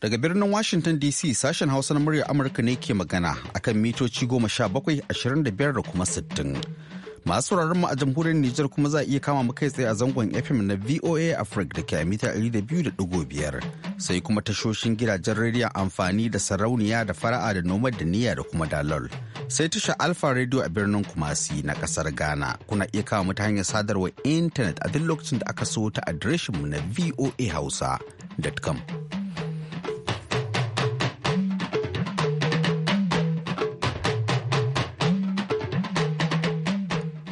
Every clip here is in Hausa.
Daga birnin Washington DC sashen Hausa na muryar Amurka ne ke magana akan mitoci goma sha bakwai ashirin da biyar da kuma sittin. Masu mu a jamhuriyar Nijar kuma za a iya kama kai tsaye a zangon FM na VOA Africa da ke a mita biyar sai kuma tashoshin gidajen rediyon amfani da sarauniya da fara'a da nomad da niyya da kuma dalol. Sai tasha Alfa Radio a birnin Kumasi na kasar Ghana kuna iya kama mu ta hanyar sadarwar intanet a duk lokacin da aka so ta adireshinmu na voahausa.com.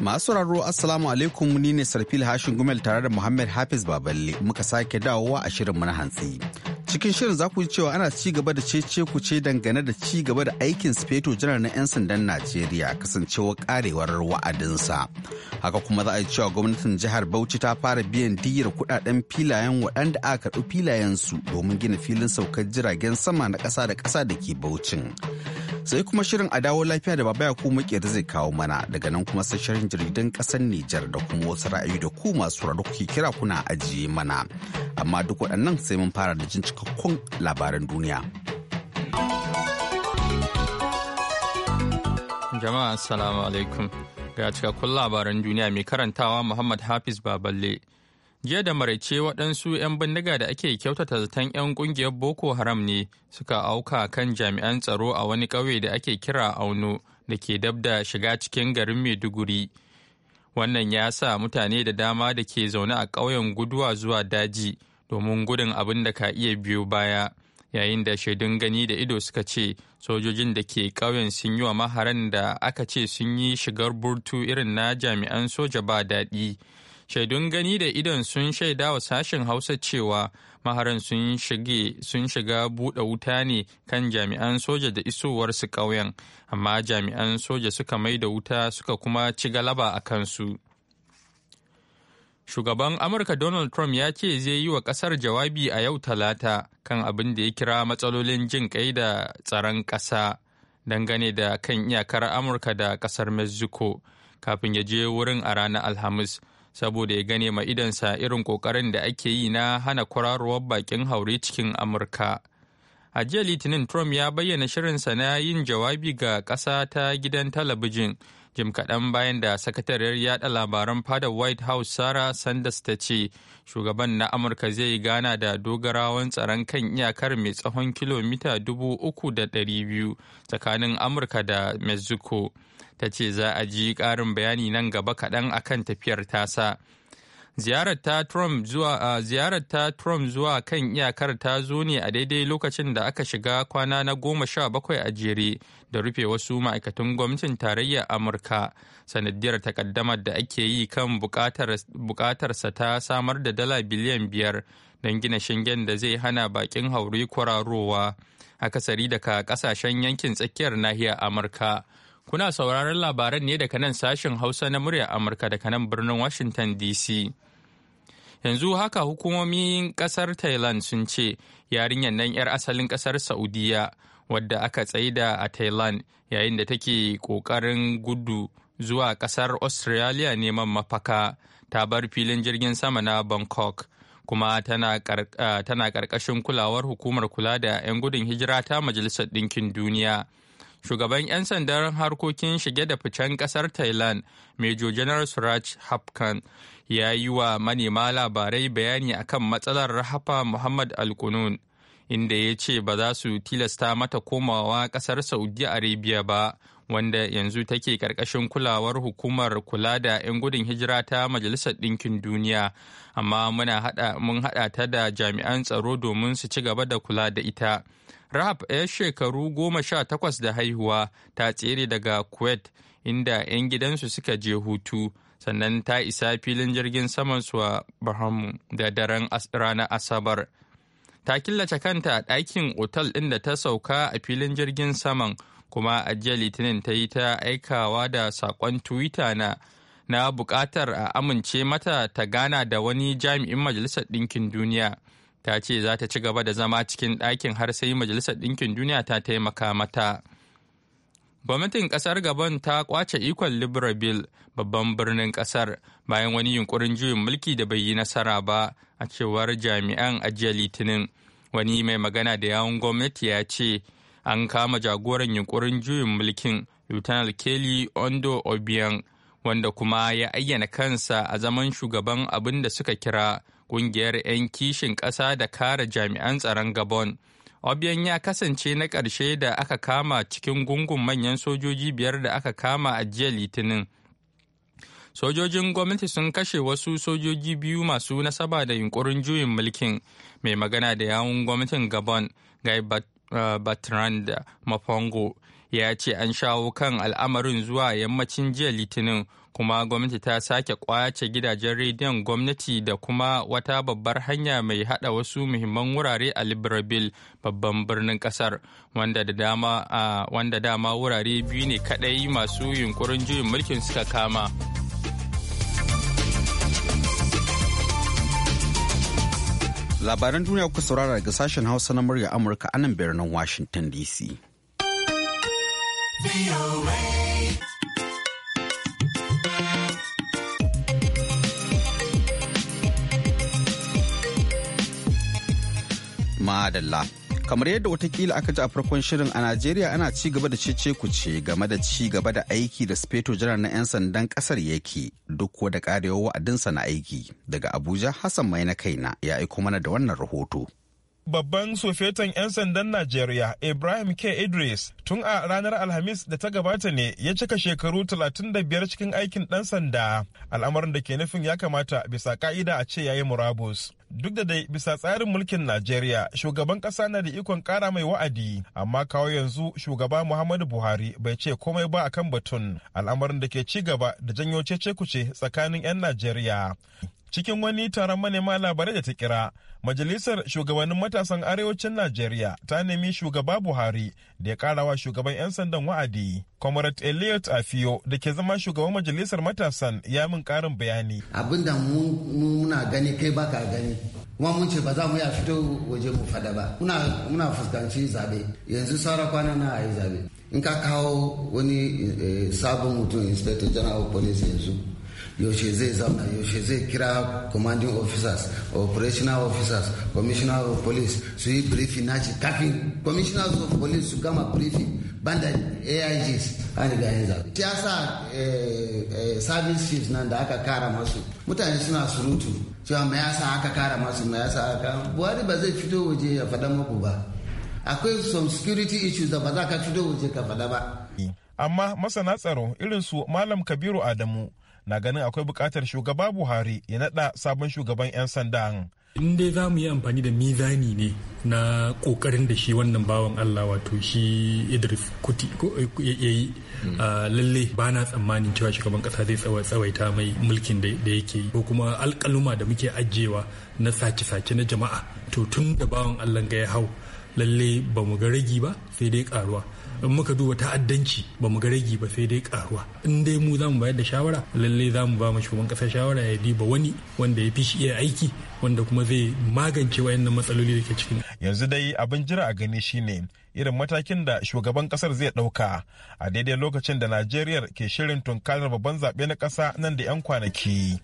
Masu sauraro Assalamu alaikum ni ne Sarfil Hashin Gumel tare da Muhammad Hafiz Baballe muka sake dawowa a shirin na hantsi. Cikin shirin za ku ji cewa ana ci gaba da cece ku ce dangane da ci gaba da aikin speto Janar na 'yan sandan Najeriya kasancewa karewar wa'adinsa. Haka kuma za a yi cewa gwamnatin jihar Bauchi ta fara biyan diyyar kudaden filayen waɗanda aka karɓi su domin gina filin saukar jiragen sama na ƙasa da ƙasa da ke Bauchin. sai kuma shirin a dawo lafiya da baba ku muke da zai kawo mana daga nan kuma sai shirin jaridan kasar Nijar da kuma wasu ra'ayi da ku masu raro kuke kira kuna ajiye mana amma duk waɗannan sai mun fara da jin cikakkun labaran duniya jama'a assalamu alaikum ga cikakkun labaran duniya mai karantawa muhammad hafiz baballe jiya da maraice waɗansu 'yan bindiga da ake kyautata zaton 'yan ƙungiyar boko haram ne suka auka kan jami'an tsaro a wani ƙauye da ake kira auno da ke dab da shiga cikin garin maiduguri wannan ya sa mutane da dama da ke zaune a ƙauyen guduwa zuwa daji domin gudun abin da ka iya biyo baya yayin da shaidun gani da ido suka ce sojojin da ke ƙauyen sun yi wa maharan da aka ce sun yi shigar burtu irin na jami'an soja ba daɗi shaidun gani da idon sun shaida wa sashen hausa cewa maharan sun shiga buɗe wuta ne kan jami'an soja da isowar su ƙauyen amma jami'an soja suka mai da wuta suka kuma ci galaba a kansu shugaban amurka donald trump ya ce zai yi wa kasar jawabi a yau talata kan abin da ya kira matsalolin jin kai da tsaron ƙasa dangane da kan iyakar amurka da kasar mexico kafin ya je wurin a ranar alhamis saboda ya gane ma idansa irin kokarin da ake yi na hana kwararowar bakin haure cikin amurka a jiya litinin trump ya bayyana shirinsa na yin jawabi ga ƙasa ta gidan talabijin jim kaɗan bayan da sakatariyar yada labaran fadar white house sarah sanders ta ce shugaban na amurka zai gana da dogarawan tsaron kan iyakar mai tsawon kilomita 3,200 tsakanin amurka da mexico ta ce za a ji ƙarin bayani nan gaba kaɗan akan tafiyar tasa Ziyarar ta Trump zuwa ziyarar ta Trump zuwa kan iyakar ta zo ne a daidai lokacin da aka shiga kwana na goma sha bakwai a jere da rufe wasu ma'aikatan gwamnatin tarayyar Amurka. Sanadiyar takaddamar da ake yi kan bukatarsa ta samar da dala biliyan biyar don gina shingen da zai hana bakin hauri kwararowa akasari daga kasashen yankin tsakiyar nahiyar Amurka. Kuna sauraron labaran ne daga nan sashen Hausa na muryar Amurka daga nan birnin Washington DC. yanzu haka hukumomin kasar thailand sun ce yarinyar nan 'yar asalin kasar saudiya wadda aka tsaida a thailand yayin da take kokarin gudu zuwa kasar australia neman mafaka ta bar filin jirgin sama na bangkok kuma tana karkashin kulawar hukumar kula da 'yan gudun hijira ta majalisar ɗinkin duniya. shugaban 'yan sandan harkokin shige da ficen kasar thailand major general suraj hapkan ya yi wa manema labarai bayani akan matsalar rahafa muhammad alkunun inda ya ce ba za su tilasta mata komawa kasar saudi arabia ba wanda yanzu take karkashin kulawar hukumar kula da 'yan gudun hijira ta majalisar ɗinkin duniya amma mun hada ta da jami'an tsaro domin su ci gaba da kula da ita rahab 'yar shekaru goma sha takwas da haihuwa ta tsere daga kuwait inda 'yan gidansu suka je hutu sannan ta isa filin jirgin saman su a bahamu da daren ranar asabar ta killace kanta a ɗakin otal ɗin da ta sauka a filin jirgin saman kuma a litinin ta yi ta aikawa da saƙon twitter na na buƙatar a amince mata ta gana da wani jami'in majalisar ɗinkin duniya ta ce za ta ci gaba da zama cikin ɗakin har sai majalisar ɗinkin duniya ta taimaka mata gwamnatin ƙasar gabon ta kwace ikon libreville babban birnin ƙasar bayan wani yunkurin juyin mulki da bai yi nasara ba a cewar jami'an ajiya litinin wani mai magana da yawun gwamnati ya ce an kama jagoran yunkurin juyin mulkin lieutenant kelly ondo obiang wanda kuma ya ayyana kansa a zaman shugaban abin da suka kira ƙungiyar 'yan kishin ƙasa da kare jami'an tsaron gabon obiyan ya kasance na ƙarshe da aka kama cikin gungun manyan sojoji biyar da aka kama a jiya litinin sojojin gwamnati sun kashe wasu sojoji biyu masu nasaba da yunkurin juyin mulkin mai magana da yawun gwamnatin gabon guy uh, bertrand mafongo ya ce an shawo kan al'amarin zuwa yammacin jiya litinin kuma gwamnati ta sake kwace gidajen rediyon gwamnati da kuma wata babbar hanya mai hada wasu muhimman wurare a libreville babban birnin kasar wanda da dama wanda dama wurare biyu ne kadai masu yunkurin juyin mulkin suka kama labaran duniya kuka saurara daga sashen hausa na murya amurka anan birnin washington dc adalla Kamar yadda watakila aka ji a farkon shirin a Najeriya ana ci gaba da cece ce game da ci gaba da aiki da Speto Jiran na 'yan sandan kasar yake duk da karewa wa'adinsa na aiki. Daga Abuja, Hassan Mai na kaina ya aiko mana da wannan rahoto. Babban sofetan 'yan sandan Najeriya Ibrahim K. Idris tun a ranar Alhamis da ta gabata ne ya cika shekaru 35 cikin aikin ɗan sanda al'amarin da ke nufin ya kamata bisa ka'ida a ce yayi murabus. Duk da dai bisa tsarin mulkin Najeriya shugaban ƙasa na da ikon kara mai wa'adi amma kawo yanzu shugaba Muhammadu Buhari bai ce komai ba akan batun al'amarin da ke ci gaba da janyo cece kuce tsakanin 'yan Najeriya. cikin wani taron manema labarai da ta kira majalisar shugabannin matasan arewacin najeriya ta nemi shugaba buhari da ya karawa shugaban 'yan sandan wa'adi comrade elliot afiyo da ke zama shugaban majalisar matasan ya min karin bayani Abinda muna gani kai baka gani kuma mun ce ba za mu ya fito waje mu fada ba muna fuskanci zabe yanzu saura kwana na a yi zabe in ka kawo wani eh, sabon mutum inspector general police yanzu yaushe zai zauna yaushe zai kira commanding officers operational officers commissioner of police su yi briefing ce kafin commissioners of police su gama briefing banda aigs an ga yin zaɓe ta sa eh, eh, service chiefs nan da aka kara masu mutane suna surutu cewa mai yasa aka kara masu mai yasa aka buhari ba zai fito waje ya faɗa muku ba akwai some security issues da ba za ka fito waje ka faɗa ba amma masana tsaro irin su malam kabiru adamu na ganin akwai bukatar shugaba buhari ya nada sabon shugaban 'yan sanda. in dai za mu yi amfani da mizani ne na kokarin da shi wannan bawan Allah wato shi Idris Kuti eh, ya yi hmm. ah, lalle ba na tsammanin cewa shugaban kasa zai tsawaita mai mulkin da yake yi ko kuma alkaluma da muke ajiyewa na sace-sace na jama'a to tun da bawan Allah ga ya hau lalle ba mu ga ragi ba sai dai karuwa in muka duba ta'addanci ba mu ga rage ba sai dai karuwa in dai mu za mu bayar da shawara lallai za mu ba mu shugaban kasa shawara ya diba wani wanda ya fi shi iya aiki wanda kuma zai magance wayannan matsaloli da ke cikin yanzu dai abin jira a gani shine irin matakin da shugaban kasar zai ɗauka a daidai lokacin da najeriya ke shirin tunkarar babban zaɓe na ƙasa nan da 'yan kwanaki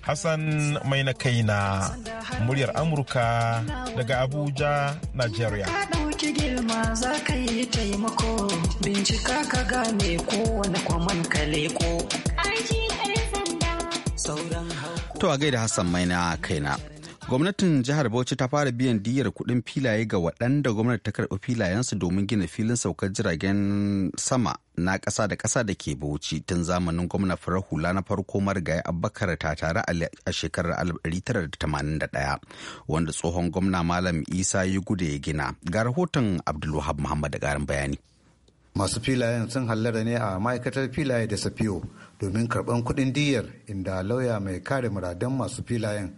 hassan mai na kaina muryar amurka daga abuja najeriya To a gaida Hassan Maina kaina. gwamnatin jihar bauchi ta fara biyan diyyar kuɗin filaye ga waɗanda gwamnati ta karɓi filayensu domin gina filin saukar jiragen sama na ƙasa da ƙasa da ke bauchi tun zamanin gwamna farar hula na farko marigayi abubakar ta tare a shekarar 1981 wanda tsohon gwamna malam isa ya gude ya gina ga rahoton abdulwahab muhammad da ƙarin bayani masu filayen sun hallara ne a ma'aikatar filaye da safiyo domin karɓan kuɗin diyyar inda lauya mai kare muradan masu filayen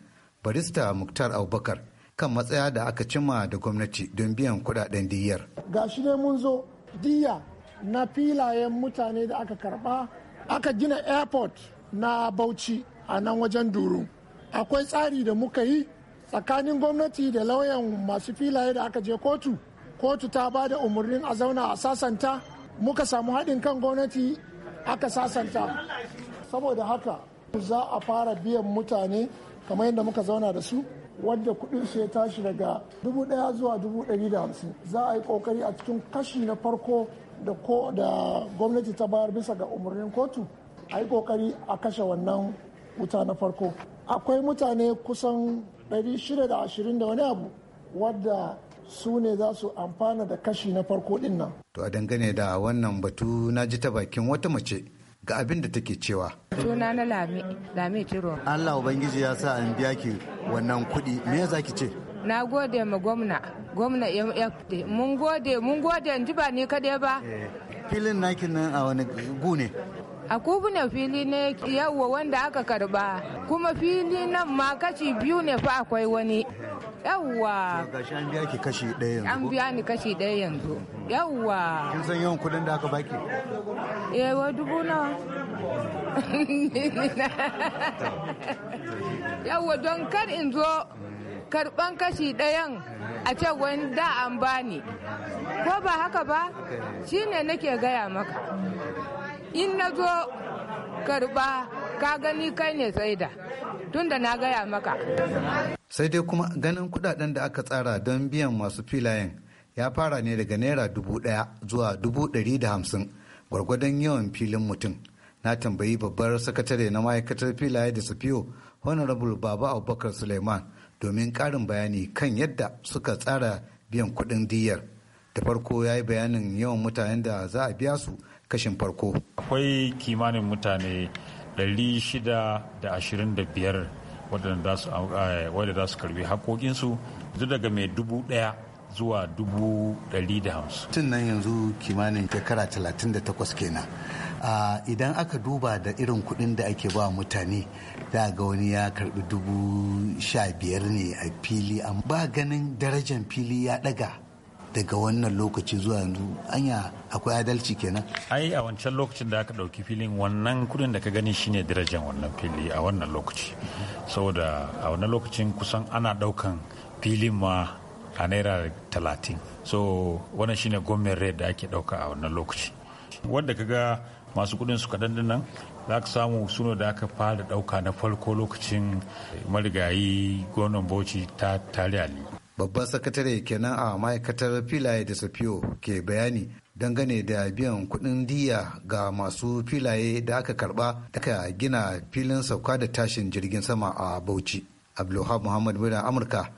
barista muktar abubakar kan matsaya da aka cima da gwamnati don biyan kudaden diyyar ga shi ne mun zo diyya na filayen mutane da aka karba aka gina airport na bauchi a nan wajen duru akwai tsari da muka yi tsakanin gwamnati da lauyan masu filaye da aka je kotu kotu ta ba da umarnin a zauna a sasanta muka samu haɗin kan gwamnati aka sasanta saboda haka za a fara biyan mutane kamar yadda muka zauna da su wadda kudin su ya tashi daga dubu daya zuwa dubu dari da hamsin za a yi kokari a cikin kashi na farko da ko da gwamnati ta bayar bisa ga umarnin kotu a yi kokari a kashe wannan wuta na farko akwai mutane kusan 620 da ashirin da wani abu wadda su ne za su amfana da kashi na farko dinnan. to a dangane da wannan batu na ji ta bakin wata mace ga abin da take cewa. Suna na Lami Lami Tiro. Allah Ubangiji ya sa an biya ki wannan kuɗi. Me za ki ce? Na gode ma gwamna. Gwamna MFD. Mun gode, mun gode, in ji ba ni kaɗai ba. Eh, filin naki nan a wani gu ne? a kubuna fili ne yawwa wanda aka karba kuma fili nan ma kashi biyu ne fa akwai wani yawwa an biya ni kashi ɗaya yanzu yawwa kin san yawan kudin da aka baki yawa eh, dubu na yawwa don kar in zo karban kashi ɗayan a ce wani da an bani ko ba haka ba shine nake gaya maka in na zo karba ka gani kai ne tsaida da na gaya maka sai dai kuma ganin kudaden da aka tsara don biyan masu filayen ya fara ne daga naira dubu daya zuwa dubu dari da hamsin gwargwadon yawan filin mutum na tambayi babbar sakatare na ma'aikatar filaye da safiyo honorable baba abubakar suleiman domin karin bayani kan yadda suka tsara biyan kuɗin diyar da farko ya yi bayanin yawan mutanen da za a biya su kashin farko akwai kimanin mutane 625 wadanda za su eh, karbi haƙoƙinsu duk daga mai dubu ɗaya zuwa dubu ɗari da hamsin. Tun nan yanzu kimanin shekara talatin da takwas kenan. Idan aka duba da irin kuɗin da ake ba mutane da ga wani ya karɓi dubu sha biyar ne a fili ba ganin darajan fili ya ɗaga daga wannan lokaci zuwa yanzu anya akwai adalci kenan ai a wancan lokacin da aka ɗauki filin wannan kuɗin da ka gani shine darajar wannan fili a wannan lokaci saboda a wannan lokacin kusan ana ɗaukan filin ma a naira talatin so wannan shine gwamnan red da ake ɗauka a wannan lokaci wanda ka ga masu kuɗin su kadan nan za ka samu suno da aka fara ɗauka na farko lokacin marigayi gonan bauchi ta tare ali babban sakatare kenan a ma'aikatar filaye da safiyo ke bayani dangane da biyan kuɗin diya ga masu filaye da aka karba daga gina filin sauka da tashin jirgin sama a bauchi abdulhab muhammad mudan amurka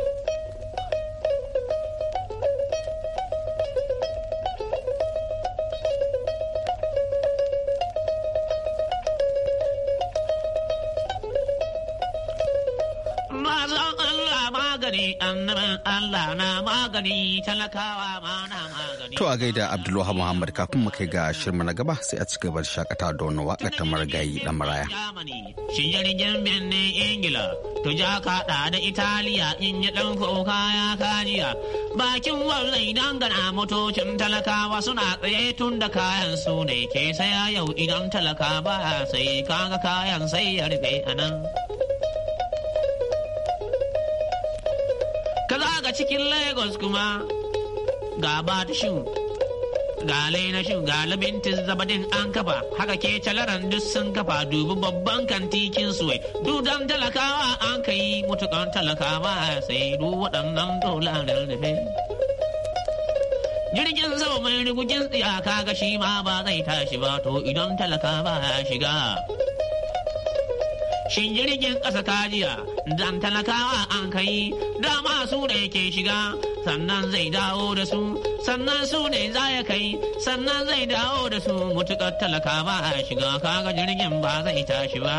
talakawa magani. To a gaida Abdullahi Muhammad kafin mu kai ga shirma na gaba sai a cika gaba shakata da wani waka ta marigayi da maraya. Shi jirgin birnin Ingila to ja kaɗa da Italiya in yi ɗan kuka ya kajiya. Bakin wanda idan gana motocin talakawa suna tsaye tun da kayan su ne ke saya yau idan talaka ba sai kaga kayan sai ya rufe a nan. ka za zaga cikin lagos kuma ga batishin ga shu. ga labintin zabadin an kafa haka ke calaran duk sun kafa dubi babban kantikin suwai dudan talakawa an ka yi mutukan talakawa sai du waɗannan dolarar da jirgin sama mai rigugin tsiyaka ga shi ma ba zai tashi ba to idan talakawa ya shiga shin jirgin ƙasa kajiya dan talakawa an kai dama su ne ke shiga sannan zai dawo da su sannan su ne za ya kai sannan zai dawo da su mutukar talaka ba a shiga kaga jirgin ba zai tashi ba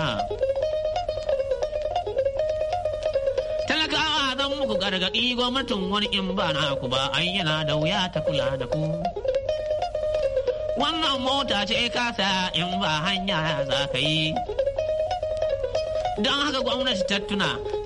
talakawa zan muku gargaɗi gwamnatin wani in ba na ku ba ai yana da wuya ta kula da ku wannan mota ce kasa in ba hanya za ka yi don haka gwamnati ta tuna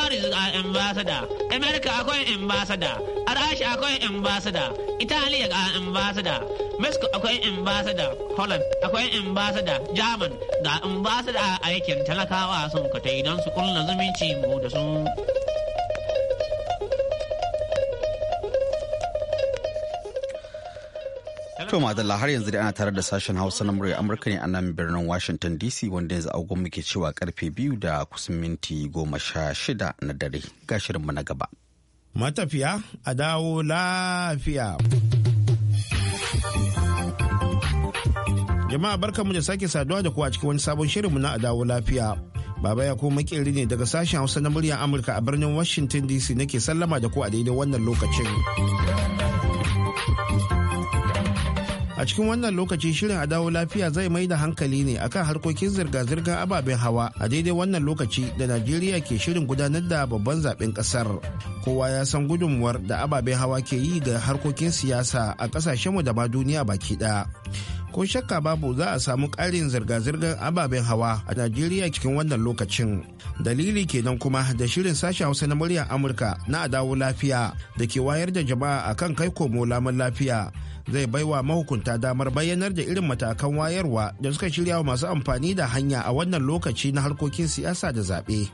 Paris a uh, ambassador, America akwai ambassador, Arashi akwai ambassador, Italiya a uh, ambassador, Mexico akwai ambassador, Holland akwai ambassador, German ga ambassador a aikin talakawa sun katai idan su kulla zumunci mu da su. To madalla har yanzu dai ana tare da sashen Hausa na murya Amurka ne a nan birnin Washington DC wanda yanzu agon muke cewa karfe biyu da kusan minti goma na dare ga na gaba. Matafiya a dawo lafiya. Jama'a barkanmu da sake saduwa da kuwa cikin wani sabon shirinmu na a dawo lafiya. Baba ya kuma makeri ne daga sashen Hausa na muryar Amurka a birnin Washington DC nake sallama da ku a daidai wannan lokacin. a cikin wannan lokaci shirin a dawo lafiya zai mai da hankali ne akan harkokin zirga-zirgar ababen hawa a daidai wannan lokaci da najeriya ke shirin gudanar da babban zaben kasar kowa ya san gudunmuwar da ababen hawa ke yi ga harkokin siyasa a kasashenmu da ma duniya baki daya ko shakka babu za a samu ƙarin zirga-zirgar ababen hawa a najeriya cikin wannan lokacin dalili kenan kuma da shirin sashen hausa na muryar amurka na adawo lafiya da ke wayar da jama'a akan kai komo lamun lafiya zai baiwa mahukunta damar bayyanar da irin matakan wayarwa da suka shirya wa masu amfani da hanya a wannan lokaci na harkokin siyasa da zaɓe.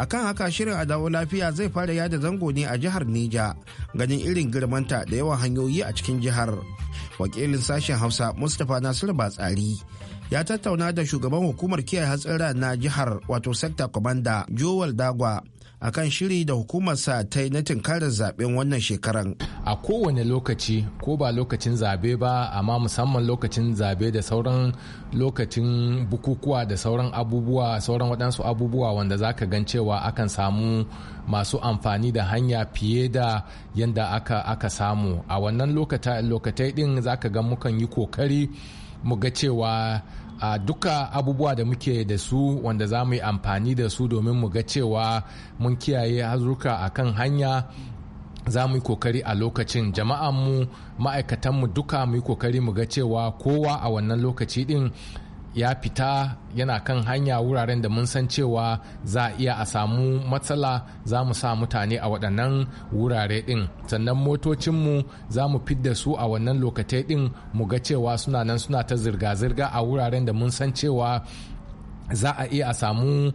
A kan haka shirin a lafiya zai fara yada zango ne a jihar nija ganin irin girmanta da yawan hanyoyi a cikin jihar. Wakilin sashen Hausa Mustapha Nasiru Batsari ya tattauna da shugaban hukumar kiyaye hatsara na jihar wato Sector Commander Joel Dagwa akan shiri da hukumarsa ta yi na tunkarar zaben wannan shekaran. A kowane lokaci ko ba lokacin zabe ba amma musamman lokacin zabe da sauran lokacin bukukuwa da sauran abubuwa sauran waɗansu abubuwa wanda za ka gan cewa akan samu masu amfani da hanya fiye da yadda aka, samu a wannan lokatai ɗin za ka gan mukan yi kokari mu ga cewa a duka abubuwa da muke da su wanda za mu yi amfani da su domin mu ga cewa mun kiyaye hazuka a kan hanya za mu yi kokari a lokacin jama'anmu ma'aikatanmu duka mu yi kokari mu ga cewa kowa a wannan lokaci din ya fita yana kan hanya wuraren da mun san cewa za a iya a samu matsala za mu sa mutane a waɗannan wurare ɗin sannan motocinmu za mu fidda su a wannan lokacin ɗin mu ga cewa suna nan suna ta zirga-zirga a wuraren da mun san cewa za a iya samu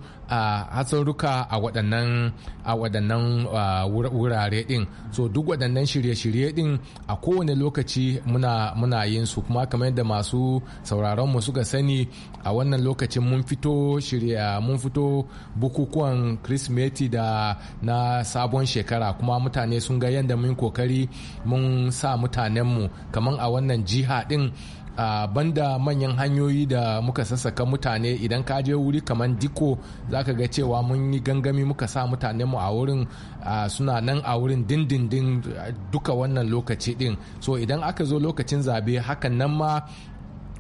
hatsarruka a waɗannan a waɗannan wurare din so duk waɗannan shirye-shirye din a kowane lokaci muna muna yin su kuma kamar yadda masu sauraron mu suka sani a wannan lokacin mun fito shirya mun fito bukukuwan kirsimeti da na sabon shekara kuma mutane sun ga yadda mun kokari mun sa mutanenmu kamar a wannan jiha din. Uh, banda manyan hanyoyi da muka sassaka mutane idan ka je wuri kamar diko zaka ga cewa mun yi gangami muka sa mutane mu a wurin uh, suna nan a wurin dindindin duka wannan lokaci din so idan aka zo lokacin zabe hakan nan ma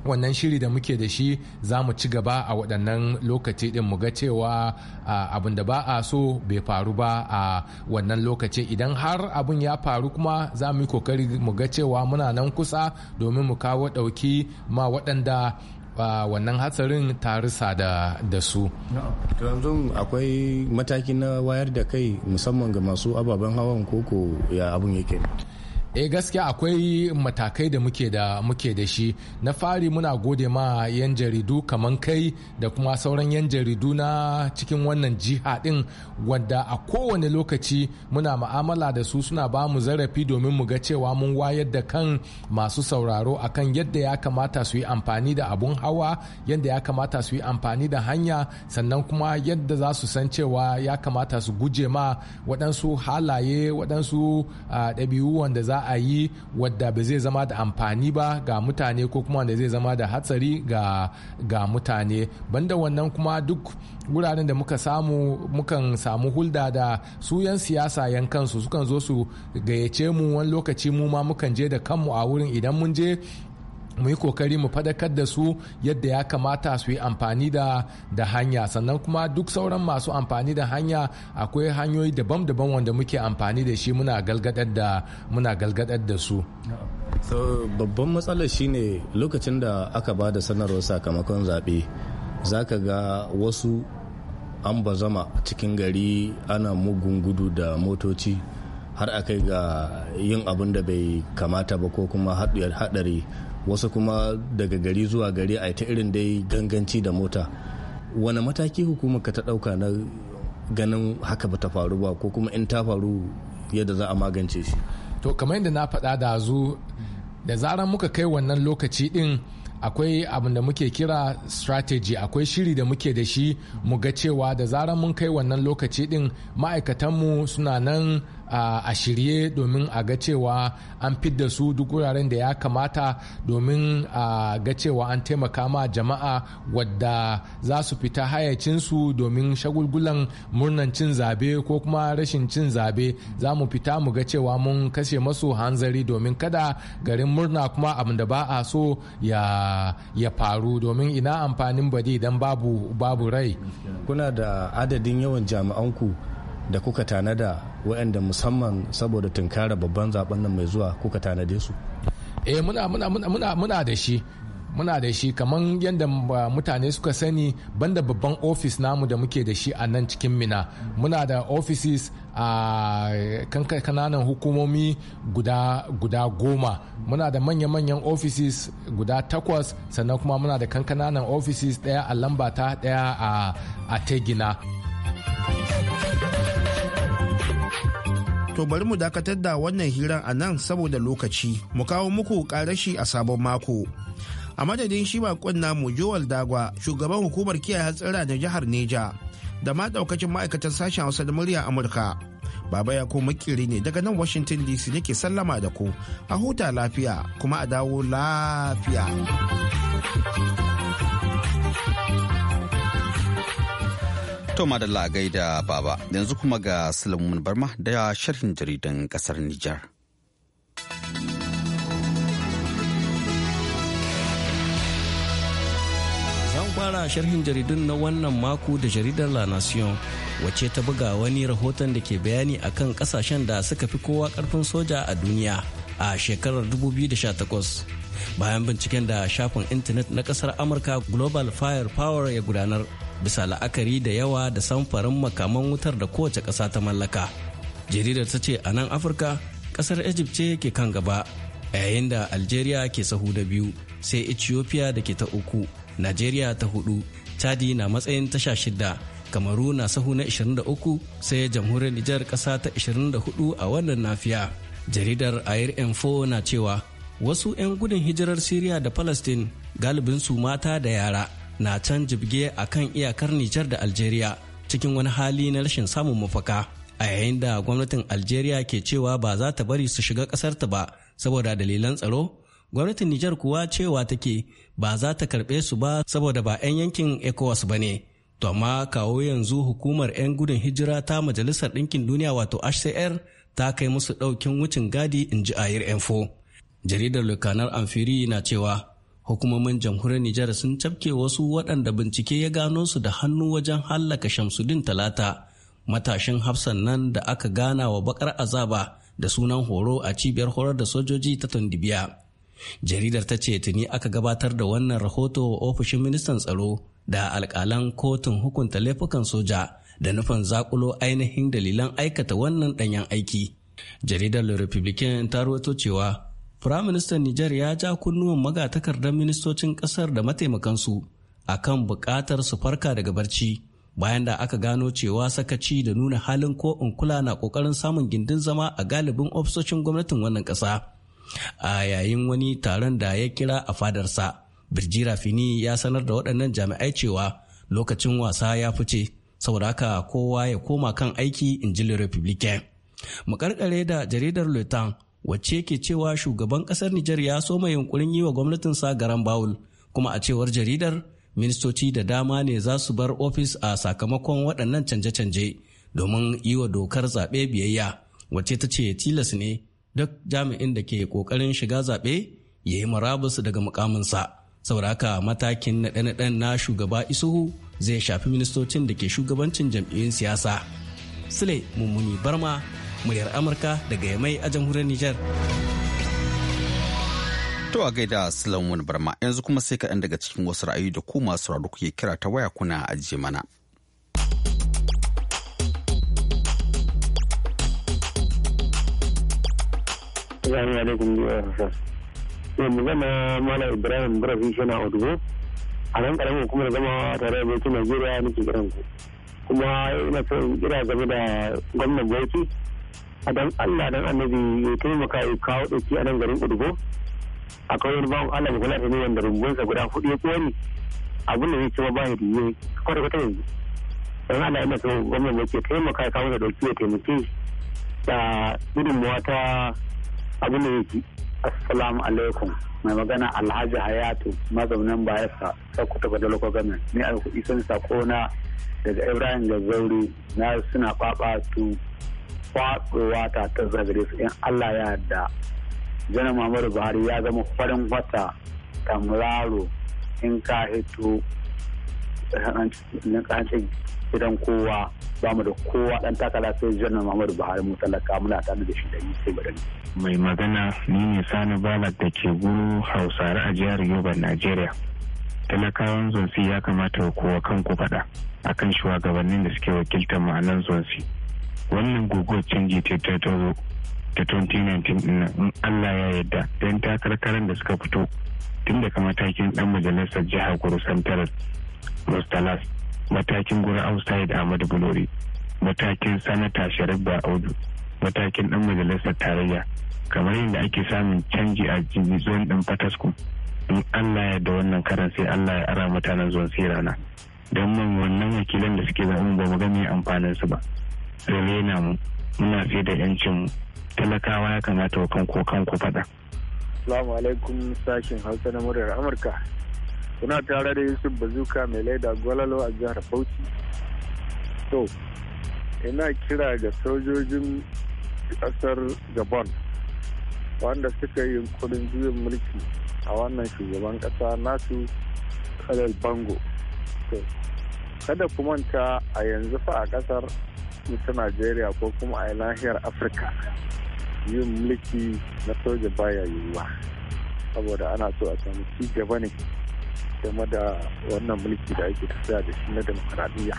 wannan shiri da muke da shi za mu ci gaba a waɗannan lokaci ɗin mu ga cewa abin da ba a so bai faru ba a wannan lokaci idan har abin ya faru kuma za mu yi kokari mu ga cewa muna nan kusa domin mu kawo ɗauki ma waɗanda wannan hatsarin ta risa da su yanzu akwai mataki na wayar da kai musamman ga masu ababen hawan koko ya abin yake eh gaskiya akwai matakai da muke da muke da shi na fari muna gode ma yan jaridu kaman kai da kuma sauran yan jaridu na cikin wannan jiha din wanda a kowane lokaci muna ma'amala da su suna ba mu zarafi domin mu ga cewa mun wayar da kan masu sauraro akan yadda ya kamata su yi amfani da abun hawa yadda ya kamata su yi amfani da hanya sannan kuma yadda za su san cewa ya kamata su guje ma waɗansu halaye waɗansu ah, ɗabi'u wanda za a yi wadda ba zai zama da amfani ba ga mutane ko kuma wanda zai zama da hatsari ga, ga mutane banda wannan kuma duk wuraren da muka samu mukan samu hulda da su 'yan siyasa yan kansu sukan zo su gayyace mu wani lokaci mu ma mukan je da kanmu a wurin idan mun je mu yi kokari mu fadakar da su yadda ya kamata su yi amfani da da hanya sannan kuma duk sauran masu amfani da hanya akwai hanyoyi daban-daban wanda muke amfani da shi muna galgadar da muna galgadar da su so babban matsalar shine lokacin da aka ba da sanarwar sakamakon zaɓe zaka ga wasu an bazama cikin gari ana mugun gudu da motoci har a ga yin abin da bai kamata ba ko kuma haɗari wasu kuma daga gari zuwa gari a ta irin dai ganganci da mota wani mataki hukumar ka ta ɗauka na ganin haka ba ta faru ba ko kuma in ta faru yadda za a magance shi to kamar yadda na faɗa da zu da zaran muka kai wannan lokaci din akwai abin da muke kira strategy akwai shiri da muke da shi mu ga cewa da zaran mun kai wannan lokaci din ma'aikatanmu suna nan a shirye domin a ga cewa an fidda su duk wuraren da ya kamata domin a ga cewa an taimaka ma jama'a wadda za su fita hayacinsu domin shagulgulan murnan cin zabe ko kuma rashin cin zabe za mu fita mu ga cewa mun kashe masu hanzari domin kada garin murna kuma abin da ba a so ya, faru domin ina amfanin badi idan babu babu rai kuna da adadin yawan jami'anku da kuka tanada waɗanda musamman saboda tunkara babban zaben nan mai zuwa kuka tanade su eh muna muna muna muna da shi muna da shi kamar yadda mutane suka sani banda babban ofis namu da muke da shi a nan cikin mina muna da offices a kananan hukumomi guda, guda goma muna da manya-manyan offices guda takwas sannan kuma muna da kankananan offices daya a lambata daya a tegina To bari mu dakatar da wannan hiran a nan saboda lokaci, mu kawo muku karashi a sabon mako. A madadin shi bakon namu Joel Dagwa, shugaban hukumar kiyaye hatsira na jihar Neja, da ma daukacin ma'aikatan sashen Hausa da murya Amurka. Baba ya ko makiri ne daga nan Washington DC nake sallama da ku, a huta lafiya kuma a dawo lafiya. To madalla gaida baba yanzu kuma ga Sulaiman Barma da sharhin jaridan kasar Nijar. Zan fara sharhin jaridun na wannan mako da jaridar La Nation wacce ta buga wani rahoton da ke bayani akan kasashen da suka fi kowa karfin soja a duniya a shekarar 2018 bayan binciken da shafin intanet na kasar Amurka Global Firepower ya gudanar. bisa la'akari da yawa da samfarin makaman wutar da kowace ƙasa ta mallaka jaridar ta ce a nan afirka ƙasar egypt ce ke kan gaba yayin da algeria ke sahu da biyu sai ethiopia da ke ta uku nigeria ta hudu chadi na matsayin ta shida kamaru na sahu na 23 sai jamhuriyar nijar ƙasa ta 24 a wannan nafiya jaridar air info na cewa wasu 'yan gudun hijirar syria da palestine galibinsu mata da yara na can jibge a kan iyakar Nijar da Algeria cikin wani hali na rashin samun mafaka a yayin da gwamnatin Algeria ke cewa ba za ta bari su shiga ta ba saboda dalilan tsaro gwamnatin Nijar kuwa cewa take ba za ta karɓe su ba saboda ba 'yan yankin ECOWAS ba ne. To amma kawo yanzu hukumar 'yan gudun hijira ta Majalisar Ɗinkin Duniya wato HCR ta kai musu ɗaukin wucin gadi in ji ayir Jaridar Lukanar Amfiri na cewa hukumomin jamhuriyar Nijar sun cafke wasu waɗanda bincike ya gano su da hannu wajen hallaka Shamsuddin Talata, matashin hafsan nan da aka gana wa bakar azaba da sunan horo a cibiyar horar da sojoji ta Tundibiya. Jaridar ta ce tuni aka gabatar da wannan rahoto wa ofishin ministan tsaro da alƙalan kotun hukunta laifukan soja da nufin zakulo ainihin dalilan aikata wannan ɗanyen aiki. Jaridar Le Republican ta rawaito cewa Firaministan Nijar ya ja kunnuwan magatakardar ministocin ƙasar da mataimakansu a kan buƙatar su farka daga barci bayan da aka gano cewa sakaci da nuna halin ko in kula na ƙoƙarin samun gindin zama a galibin ofisoshin gwamnatin wannan ƙasa. A yayin wani taron da ya kira a fadarsa, Birjira Fini ya sanar da waɗannan jami'ai cewa lokacin wasa ya fice, saboda haka kowa ya koma kan aiki in ji Republican. Makarkare da jaridar Lutan wacce ke cewa shugaban kasar Nijar ya soma yunkurin yi wa gwamnatinsa garan bawul kuma a cewar jaridar ministoci da dama ne za su bar ofis a sakamakon waɗannan canje-canje domin yi wa dokar zaɓe biyayya wacce ta ce tilas ne duk jami'in da ke ƙoƙarin shiga zaɓe ya yi marabus daga mukaminsa sauraka matakin naɗe-naɗen na shugaba isuhu zai shafi ministocin da ke shugabancin jam'iyyun siyasa sule mummuni barma muryar amurka daga yamai a jamhuriyar niger to a gaida wani barma yanzu kuma sai kaɗan daga cikin wasu ra'ayi da ku masu raro kuke kira ta waya kuna ajiye mana a Yanzu zama Mala Ibrahim Burafi suna Odugo. A nan karamin hukumar zama tare da Bauchi nigeria nake kiran ku. Kuma ina so kira game da gwamnan Bauchi a dan Allah dan annabi ya taimaka ya kawo ɗauki a nan garin Urgo a kawai ba Allah kula da ne wanda rumbunsa guda hudu ya kone abin da zai ce ba ya diye kwata kwata yanzu dan Allah ina so gwamnati ya taimaka ya kawo da ɗauki ya taimake da gudunmawa ta abin da ya ci assalamu alaikum mai magana alhaji hayatu mazaunin bayelsa sakuta ga dalko gamen ni a kuɗi sun sako na daga ibrahim gazzauri na suna ɓaɓatu faɗowa ta ta zagare su in Allah ya yarda janar Muhammadu Buhari ya zama farin wata tamraro in ka hito na gidan kowa ba mu da kowa dan takala sai janar Muhammadu Buhari mu talaka muna ta da shi da yi sai bari mai magana ni ne Sani Balak da ke guru Hausare a jihar Yoruba Najeriya talakawan zonsi ya kamata kowa kanku faɗa akan shugabannin da suke wakiltar ma'anan zonsi wannan guguwar canji ta ta zo ta 2019 ina in Allah ya yarda don takarkaran da suka fito tun daga matakin dan majalisar jihar Kuru Santarar Rostalas matakin gura outside Ahmadu Bulori matakin sanata Sharif Ba Audu matakin dan majalisar tarayya kamar yadda ake samun canji a zuwan ɗin fatasku in allah ya da wannan karan sai allah ya ara mutanen zuwan sirana don man wannan wakilan da suke zaɓen ba mu ga amfanin su ba na mu muna fi da yancin talakawa ya kamata wa kanku kanku faɗa. Salamu alaikum sashen Hausa na muryar Amurka. Kuna tare da Yusuf Bazuka mai laida gwalalo a jihar Bauchi. To, ina kira ga sojojin ƙasar Gabon wanda suka yi kudin juyin mulki a wannan shugaban ƙasa nasu Kalal Bango. To, kada ku manta a yanzu fa a ƙasar ta najeriya ko kuma a nahiyar afirka yin mulki na soja baya yiwuwa saboda ana so a samu ci gaba ne game da wannan mulki da ake tafiya da shi na demokradiyya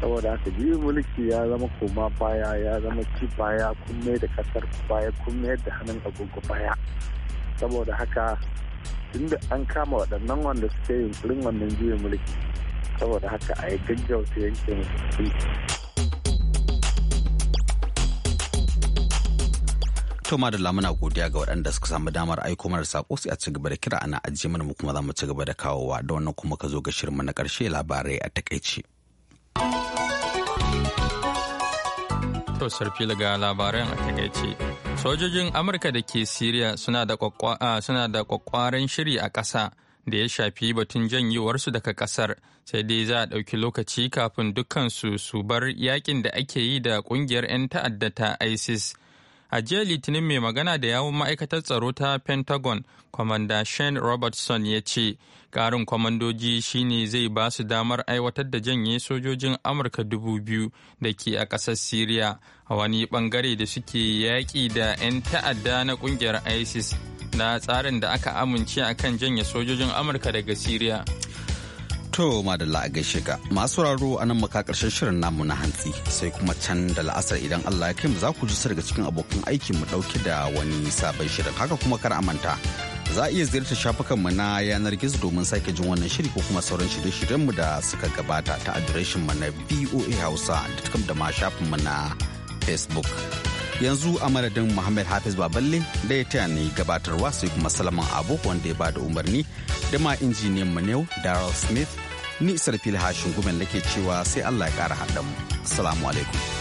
saboda haka biyu mulki ya zama koma baya ya zama ci baya kunne da kasar baya kunne da hannun agogo baya saboda haka tunda an kama waɗannan wanda suke yin wannan juyin mulki saboda haka a yi gaggauta yanke musu ma da lamuna godiya ga waɗanda suka samu damar aiko mana sako sai a ci gaba da kira ana ajiye mana mu kuma za mu ci gaba da kawowa da wannan kuma ka zo ga na ƙarshe labarai a takaice. To sarfi daga labaran a takaice. Sojojin Amurka da ke Siriya suna da kwakwaran shiri a ƙasa da ya shafi batun janyewarsu daga ƙasar sai dai za a ɗauki lokaci kafin dukkansu su bar yakin da ake yi da ƙungiyar 'yan ta'adda ta ISIS. A jiya Litinin mai magana da yawun ma'aikatar tsaro ta Pentagon, Kwamanda Shane Robertson ya ce, ƙarin kwamandoji shine zai ba su damar aiwatar da janye sojojin Amurka dubu biyu da ke a ƙasar Siriya a wani ɓangare da suke yaƙi da 'yan ta'adda na ƙungiyar ISIS na tsarin da aka amince akan janye sojojin Amurka daga Siriya. To madalla a gaishe ka masu raro a nan maka karshen shirin namu na hantsi sai kuma can da la'asar idan Allah ya kai mu za ku ji su daga cikin abokan aiki mu dauke da wani sabon shirin haka kuma kar amanta za a iya ziyarta shafukan mu na yanar gizo domin sake jin wannan shiri ko kuma sauran shirye-shiryen mu da suka gabata ta adireshin mu na hausa da ma shafin mu na facebook yanzu a madadin Muhammad Hafiz Baballe da ya taya ni gabatarwa sai kuma Salaman Abu wanda ya bada umarni da ma injiniyan mu Daryl Smith ni isar hashin gumen nake cewa sai allah ya kara haɗa mu assalamu alaikum